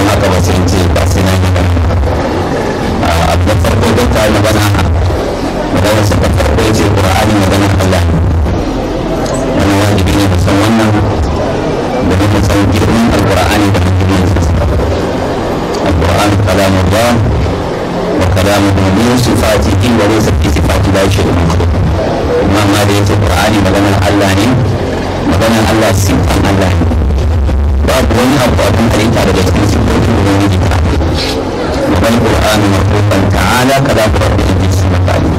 don haka ba sai ce ba sai na yi magana ah, abu farko don ta yi magana magana ta farko ce ƙur'ani magana Allah wani wajibi ne musan wannan da muka san girman alƙur'ani da hakimin alƙur'ani kalamun ba wa kalamun min sifati in wa laysa fi ba la shay'un amma ma da yake ƙur'ani maganar Allah ne maganar Allah sifan Allah ne wani abu abin tarika daga cikin sifofin ubangiji ba wani qur'ani na marfuqan ta'ala kaza ku rabbi na makali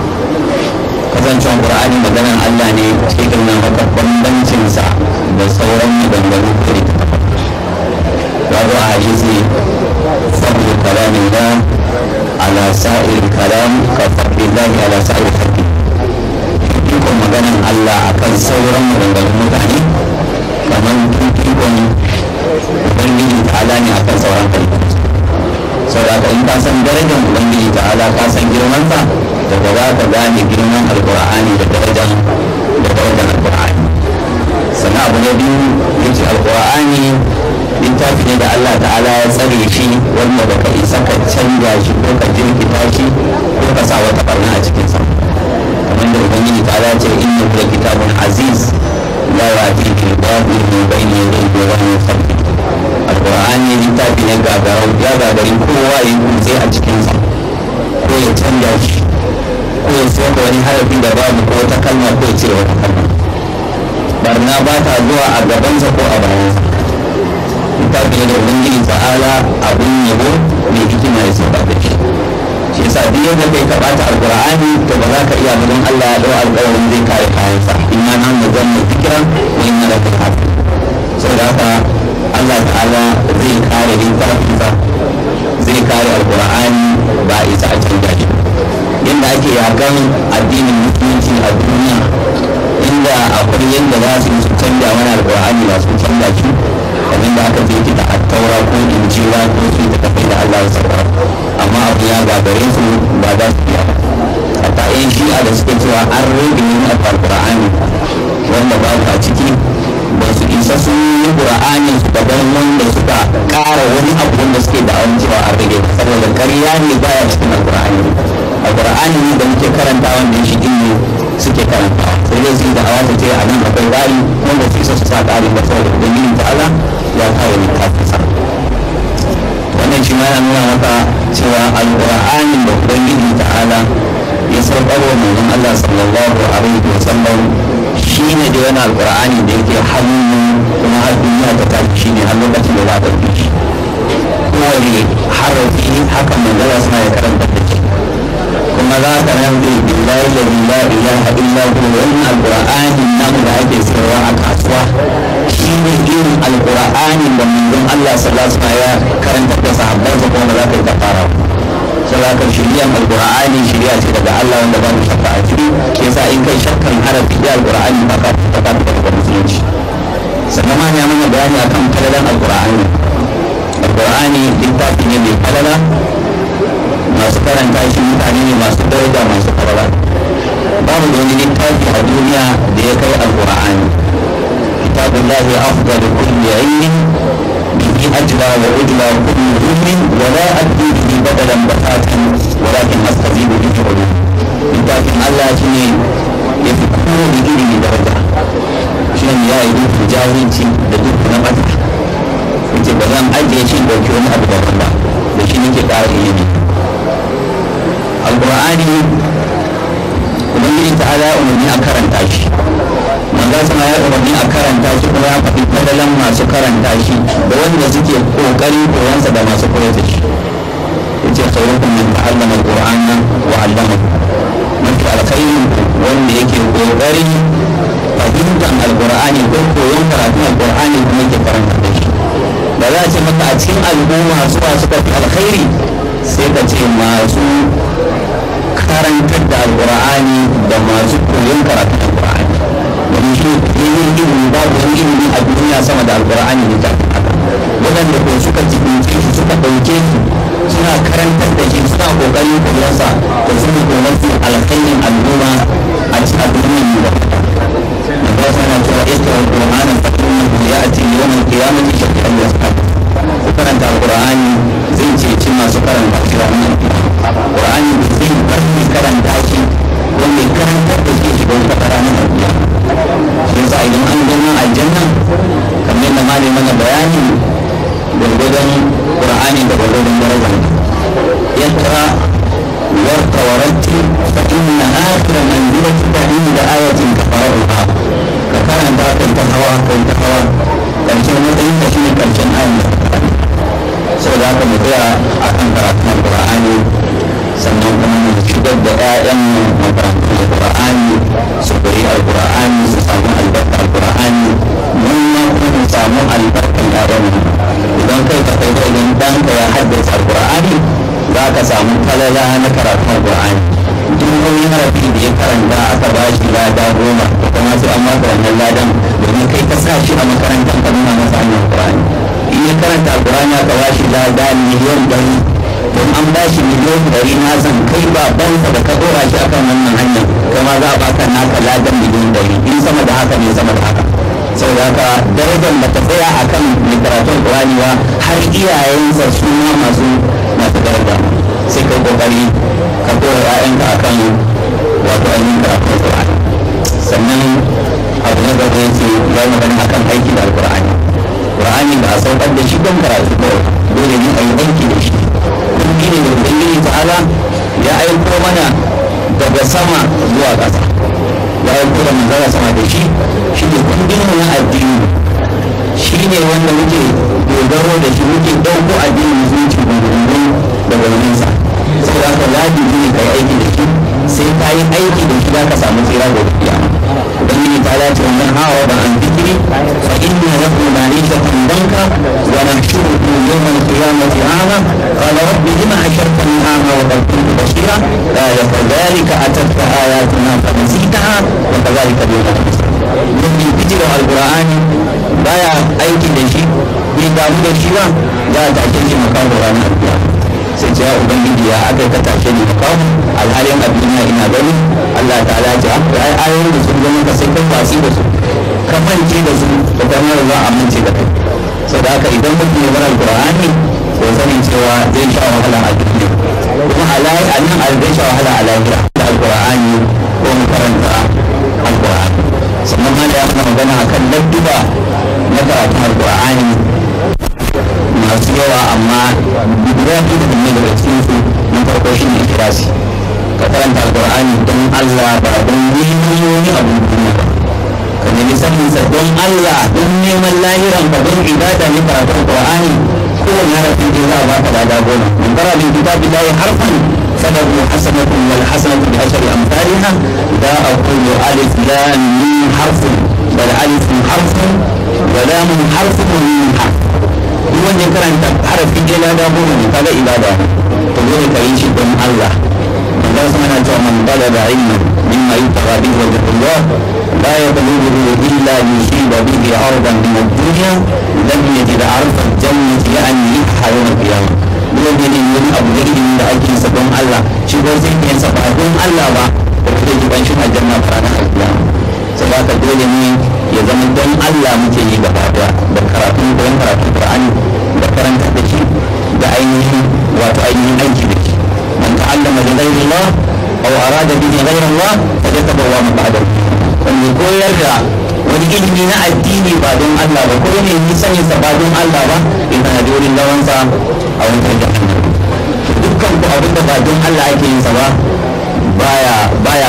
kasancewan qur'ani maganar Allah ne cikin nan haka bambancin sa da sauran maganganu da alkur'ani da darajar da darajar alkur'ani sannan abu na biyu yace alkur'ani littafi ne da Allah ta'ala ya tsare shi wanda baka isa ka canja shi ko ka jirkita shi ko ka sa wata barna a cikin sa kamar da ubangiji ta'ala ce inna kula kitabun aziz la yati al-batil min bayni yadayhi wa min khalfihi alkur'ani littafi ne gagarau ya gagarin kowa ya kutse a cikin sa ko ya canja shi ko sai sayar da wani harafin da babu ko wata kalma ko cewa cire wata kalma barna ba ta zuwa a gabansa ko a bayansa ta ne da ubangiji ta'ala abun yabo mai hikima ya sauka da shi shi yasa duk yadda kai ka bata alqur'ani to ba za ka iya ba don Allah ya dau alƙawarin zai kare kayansa inna nan mu zan mu zikira wa inna la tahafi saboda haka Allah ta'ala zai kare littafinsa zai kare alqur'ani ba isa a canja shi inda ake yakan addinin musulunci a duniya inda akwai yadda za su su canja mana alƙur'ani ba su canja shi abin da aka je da attaura ko injila ko su ta kafai da Allah ba amma abu ya gagare su ba za su a hatta shi a da suke cewa an rage yin alƙur'ani wanda ba a ciki ba su isa sun yi ƙur'anin su ta daban wanda suka ƙara wani abu wanda suke da cewa a rage saboda karya ne baya cikin alƙur'ani alqur'ani ne da muke karanta wanda shi din ne suke karanta sai dai su da awata ce a nan akwai ra'ayi wanda su isa su sa ƙari ba saboda ta ta'ala ya kawo ne kafisa wannan shi ma yana nuna maka cewa alqur'ani da ubangiji ta'ala ya saukarwa manzon Allah sallallahu alaihi wa sallam shi ne da wani alkur'ani da yake hannu kuma har duniya ta tafi shi ne har lokacin da za ta fi shi kowane harafi haka manzara suna ya karanta da amma za ka rantse billahi da la ilaha illa hu Wani alqur'ani nan da ake sayarwa a kasuwa shi ne irin alqur'ani da manzon Allah sallallahu alaihi ya karanta da sahabbansa kuma ba za ka yi kafara ba sadakar shirya alqur'ani shirya ce daga Allah wanda ba mu shakka a ciki ke sa in kai shakkan harafi da alqur'ani ba ka ta ta daga musulunci sannan ma ya mana bayani akan falalan alqur'ani alqur'ani littafi ne mai falala masu karanta shi mutane ne masu daraja masu karawa babu da wani littafi a duniya da ya kai kitabun da alqur'ani kitabullahi afdalu kulli ilmin bihi ajla wa ujla kulli ba wa la adri bihi badalan batatan walakin astazibu bihi ulum littafin Allah shi ne ya fi iri ne daraja shi ne ya yi duk jahilci da duk na mata yace ba zan ajiye shi dauki wani abu daban ba da shi nake ƙara ilimi Alƙur'ani ubangiji ta ala umarni a karanta shi manzo sama ya umarni a karanta shi kuma ya faɗi fadalan masu karanta shi da wanda suke kokari koyansa da masu koyar da shi yace khairukum man ta'allama alqur'ana wa 'allamahu mafi alkhairin wanda yake kokari fahimtar alƙur'ani ko koyon karatun alƙur'ani kuma yake karanta da shi da za a ce maka a cikin al'umma suwa suka fi alkhairi sai ka ce masu karantar da alƙur'ani da masu koyon karatu da alƙur'ani domin su ilimin ilimi babu wani ilimi a duniya sama da alƙur'ani ne ta waɗanda ko suka jibince shi suka ɗauke shi suna karantar da shi suna ƙoƙarin koyarsa da su ne domin su alƙalin al'umma a cikin duniyar yi ba. Da ba su na cewa ita wa ƙur'anin fatimin da ya a cikin yawan kiyamata shi ta ku karanta zan zai ceci masu karanta shi wannan alqur'ani zai bar mai karanta shi ko mai karanta da shi shi don fata ranar abuja shi yasa idan an gano aljanna kamar yadda malamin mana bayani gwargwadon qur'ani da gwargwadon darajar yadda warta waratti fa inna akhira manzilatika inda ayatin kafara'uha ka karanta kan ta hawa kan ta hawa karshen matsayin da shine karshen ayin da saboda haka mu tsaya a kan karatun qur'ani sannan kuma mu shigar da 'ya'yan makarantun qur'ani su koyi alqur'ani su samu albarka alqur'ani mun ma kuma mu samu albarkan 'ya'yan idan kai ka kai idan ka ya haddace alqur'ani za ka samu falala na karatun qur'ani duk harafi da ya karanta aka ba shi lada goma kuma su amma karantar wannan ladan domin kai ka sa shi a makarantar ka nuna masa hanyar Qur'ani in ya karanta Qur'ani aka ba shi lada miliyan ɗari don an ba shi miliyan ɗari na san kai ba bansa da ka ɗora shi akan wannan hanyar kama za a baka naka ladan miliyan ɗari in sama da haka ne sama da haka Sau da haka darajar da ta tsaya a kan karatun Qur'ani ba har iyayensa su masu masu daraja sai ka kokari ya koya a kan wato ainihin karatun Qur'ani sannan abu na gaba yake ya magana akan aiki da Alƙur'ani Ƙur'ani ba a saukar da shi don karatu ba dole ne a yi aiki da shi kun gine da Ubangiji ta'ala ya aiko mana daga sama zuwa ƙasa ya aiko da manzara sama da shi shi ne kundin na addini shi ne wanda muke dogaro da shi muke ɗauko addinin musulunci gungun daga wurinsa saboda haka wajibi ne yi aiki da shi sai ka yi aiki da shi za ka samu tsira gobe kiyama ubangiji ta dace wannan hawa da an zikiri fa inna lahu ma'isatan banka wa nahshuruhu yawm al-qiyamati a'ma qala rabbi lima ashartani a'ma wa qad kuntu basira qala kadhalika atatka ayatuna fa nasitaha wa kadhalika al-yawma mun al-qur'ani baya aiki da shi bai damu da shi ba za a take shi makarar ce ce ubangiji ya aka ka ne ni kawo alhalin abinina ina gani Allah ta'ala ja ya yi ayoyin da sun gani ka sai ka da su ka mance da su da kamar za a mance da kai da haka idan mutum ya bar alkur'ani to sanin cewa zai sha wahala a duniya kuma nan annan zai sha wahala a lahira da alkur'ani ko mu karanta sannan ma da ya magana akan ladduba na karatun alkur'ani masu yawa amma guda biyu da ne daga cikin su na farko shi ne ikirasi ka karanta alkur'ani don allah ba don miliyoyi abin duniya ka nemi sanin sa don allah don neman lahiran ba don ibada ne karatun alkur'ani kowane harafin ke za a baka lada goma in bara min kitabi lahi harfan سبب حسنة والحسنة بعشر أمثالها لا أقول ألف لام ميم حرف بل ألف حرف ولام حرف وميم حرف duk wanda ya karanta harafi ɗaya da goma ne kaga ibada to dole ka yi shi don Allah dan sama na cewa man bala da ilmi mimma yutaqa bihi wa Allah la yaqulu illa yusiba bihi ardan min ad-dunya lam yajid arfa al-jannati an yi al-qiyamah duk wanda ya yi abu da ilimin da ake sa don Allah shi ba zai yi sa ba don Allah ba da kuma ban shi aljanna ta ranar al-qiyamah saboda dole ne ya zama don Allah muke yi gaba da karatun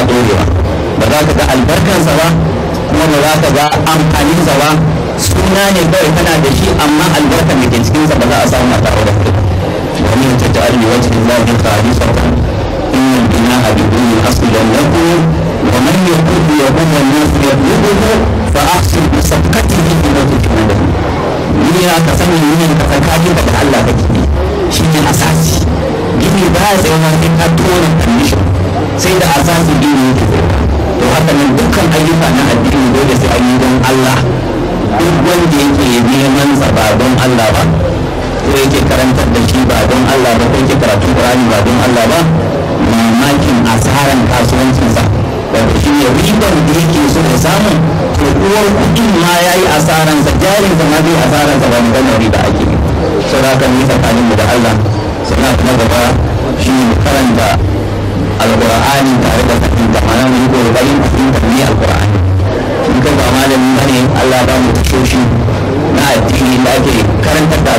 dorewa ba za ka ga albarkansa ba kuma ba za ka ga amfaninsa ba suna ne kawai kana da shi amma albarkar da ke cikinsa ba za a samu mata aure ba domin ta ta'ar yi wacce za ka kari sauran inna bina habibun min da lahu wa man kuma yahum ya kudu ko fa ahsin bi sabqatihi fi wajhihi ni ya ka sani ni ka san ka daga Allah kake shi ne asasi gini ba ya tsaye wani ka tona condition sai da asasin dini yake to haka nan dukkan ayyuka na addini dole sai an yi don Allah duk wanda yake neman sa ba don Allah ba ko yake karantar da shi ba don Allah ba ko yake karatu Qur'ani ba don Allah ba mamakin asaran kasuwancinsa wanda shi ne ribar da yake so ya samu to uwar kudin ma ya yi asaransa jarinsa ma zai sa ba maganar riba ake saboda haka ni tsakaninmu da Allah sai na gaba shi karanta alqur'ani tare da hadisi da mana mu da kokarin fahimtar ne alqur'ani in ka ba malami bane Allah ba mu tashoshi na addini da ake karanta da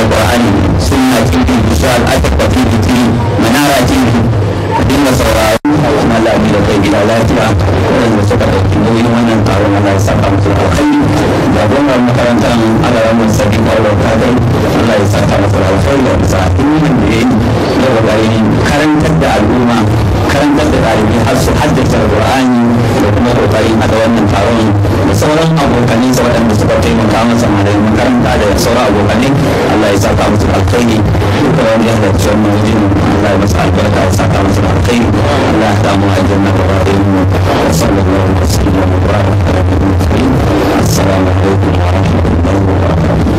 haɗa wannan taron da sauran abokanai sa waɗanda suka taimaka masa malamin makaranta da sauran abokanai Allah ya saka musu alkhairi duka wani ya halarci wannan wajen Allah ya masa albarka ya saka musu alkhairi Allah ya haɗa mu a janna da ra'ayin mu sallallahu alaihi kuma sallam assalamu alaikum wa rahmatullahi wa barakatuh